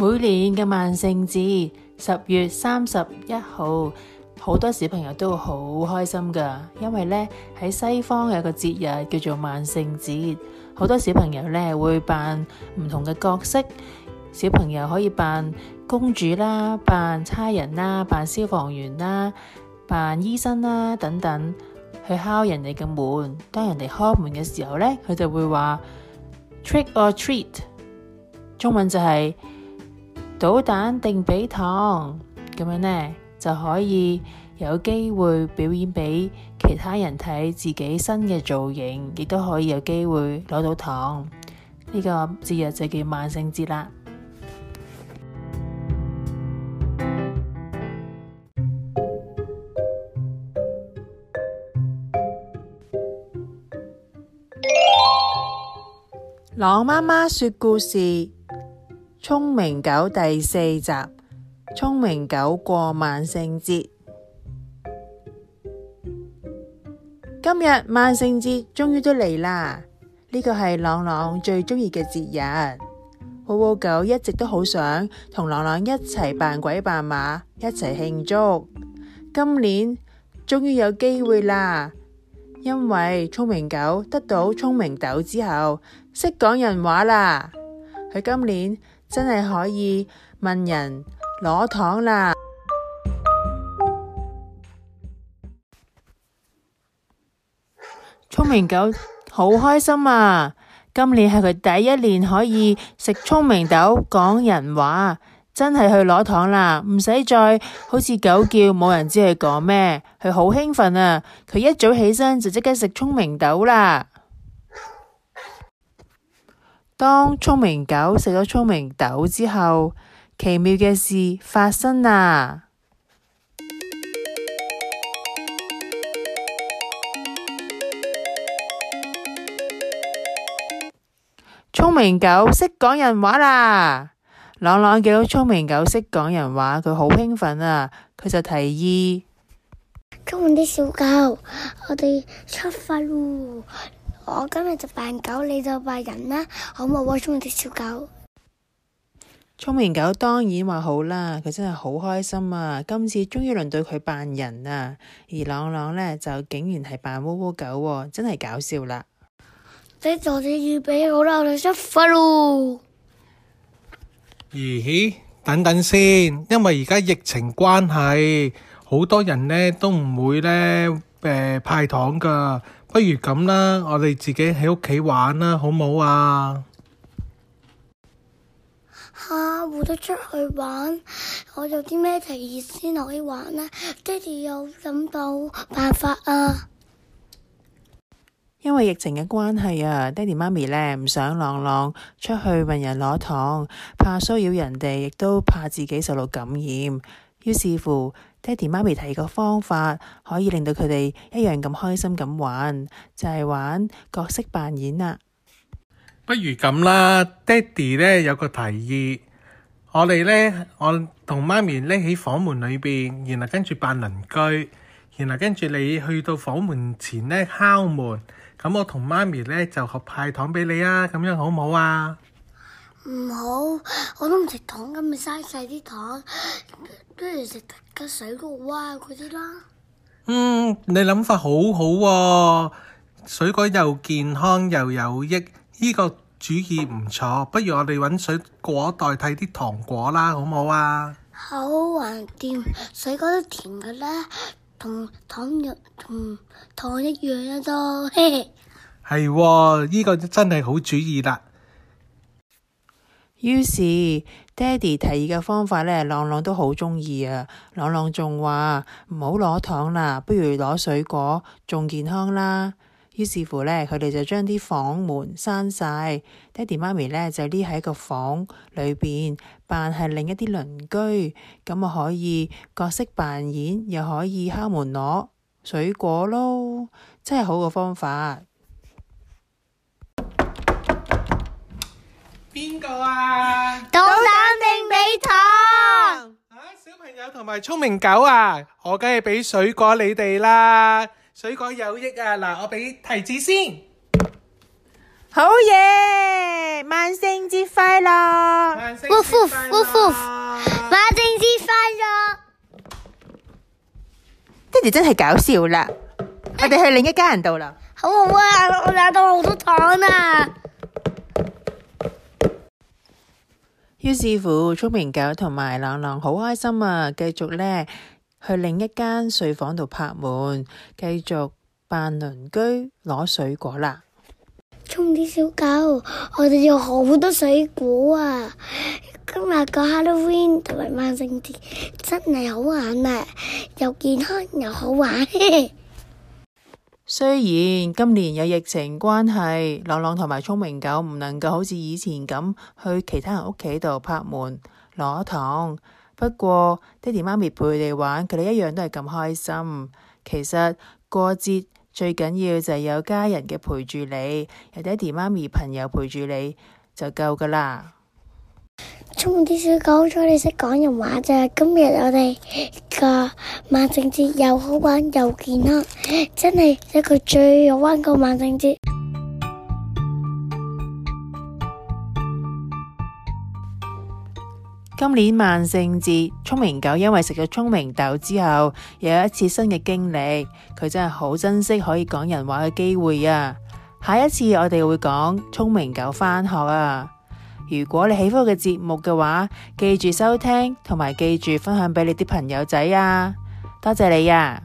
每年嘅萬聖節十月三十一號，好多小朋友都會好開心噶，因為呢，喺西方有個節日叫做萬聖節，好多小朋友呢會扮唔同嘅角色。小朋友可以扮公主啦，扮差人啦，扮消防員啦，扮醫生啦等等，去敲人哋嘅門。當人哋開門嘅時候呢，佢就會話 Trick or treat，中文就係、是。搗蛋定俾糖，咁樣呢就可以有機會表演俾其他人睇自己新嘅造型，亦都可以有機會攞到糖。呢、這個節日就叫萬聖節啦。狼媽媽說故事。聰明狗第四集，聰明狗過萬聖節。今日萬聖節終於都嚟啦！呢個係朗朗最鍾意嘅節日。好好狗一直都好想同朗朗一齊扮鬼扮馬，一齊慶祝。今年終於有機會啦，因為聰明狗得到聰明豆之後，識講人話啦。佢今年。真係可以問人攞糖啦！聰明狗好開心啊！今年係佢第一年可以食聰明豆，講人話，真係去攞糖啦！唔使再好似狗叫，冇人知佢講咩，佢好興奮啊！佢一早起身就即刻食聰明豆啦。當聰明狗食咗聰明豆之後，奇妙嘅事發生啦！聰明狗識講人話啦！朗朗見到聰明狗識講人話，佢好興奮啊！佢就提議：聰明啲小狗，我哋出發咯！我今日就扮狗，你就扮人啦，好唔好？我中意隻小狗。聰明狗當然話好啦，佢真係好開心啊！今次終於輪到佢扮人啦，而朗朗呢就竟然係扮窩窩狗喎，真係搞笑啦！你做嘅預備好啦，我哋出發咯！咦？等等先，因為而家疫情關係，好多人呢都唔會呢。誒、呃、派糖㗎，不如咁啦，我哋自己喺屋企玩啦，好唔好啊？吓，我都出去玩，我有啲咩提議先可以玩咧？爹哋有諗到辦法啊？因為疫情嘅關係啊，爹哋媽咪咧唔想朗朗出去搵人攞糖，怕騷擾人哋，亦都怕自己受到感染。於是乎，爹地媽咪提個方法，可以令到佢哋一樣咁開心咁玩，就係、是、玩角色扮演啦。不如咁啦，爹地咧有個提議，我哋咧，我同媽咪匿喺房門裏邊，然後跟住扮鄰居，然後跟住你去到房門前咧敲門，咁我同媽咪咧就合派糖俾你啊，咁樣好唔好啊？唔好，我都唔食糖噶，咪嘥晒啲糖，不如食啲水果哇、啊，嗰啲啦。嗯，你諗法好好、啊、喎，水果又健康又有益，呢、這個主意唔錯，不如我哋揾水果代替啲糖果啦，好唔好啊？好啊，橫掂，水果都甜噶啦，同糖若同糖一樣咯。係嘿嘿，呢、哦這個真係好主意啦。於是，爹地提議嘅方法咧，朗朗都好鍾意啊！朗朗仲話唔好攞糖啦，不如攞水果，仲健康啦。於是乎咧，佢哋就將啲房門閂晒，爹地媽咪咧就匿喺個房裏邊扮係另一啲鄰居，咁啊可以角色扮演，又可以敲門攞水果咯，真係好嘅方法。好啊！倒糖定俾糖？吓，小朋友同埋聰明狗啊，我梗係俾水果你哋啦。水果有益啊，嗱，我俾提子先。好嘢！萬聖節快樂！嗚呼嗚呼，萬聖節快樂！爹哋真係搞笑啦，我哋喺人家間度去另一家人度啦。好好啊，我拿到好多糖啊！於是乎，聰明狗同埋朗朗好開心啊！繼續咧去另一間睡房度拍門，繼續扮鄰居攞水果啦。聰明小狗,我哋要好多水果啊！今日個 Halloween 同埋萬聖節真係好玩啊，又健康又好玩。 雖然今年有疫情關係，朗朗同埋聰明狗唔能夠好似以前咁去其他人屋企度拍門攞糖。不過，爹哋媽咪陪你哋玩，佢哋一樣都係咁開心。其實過節最緊要就係有家人嘅陪住你，有爹哋媽咪朋友陪住你就夠㗎喇。聰明啲小狗，好彩你識講人話咋。今日我哋個萬聖節又好玩又健康，真係一個最有 fun 個萬聖節。今年萬聖節，聰明狗因為食咗聰明豆之後，又有一次新嘅經歷。佢真係好珍惜可以講人話嘅機會啊！下一次我哋會講聰明狗返學啊！如果你喜歡我嘅節目嘅話，記住收聽，同埋記住分享畀你啲朋友仔啊！多謝你啊。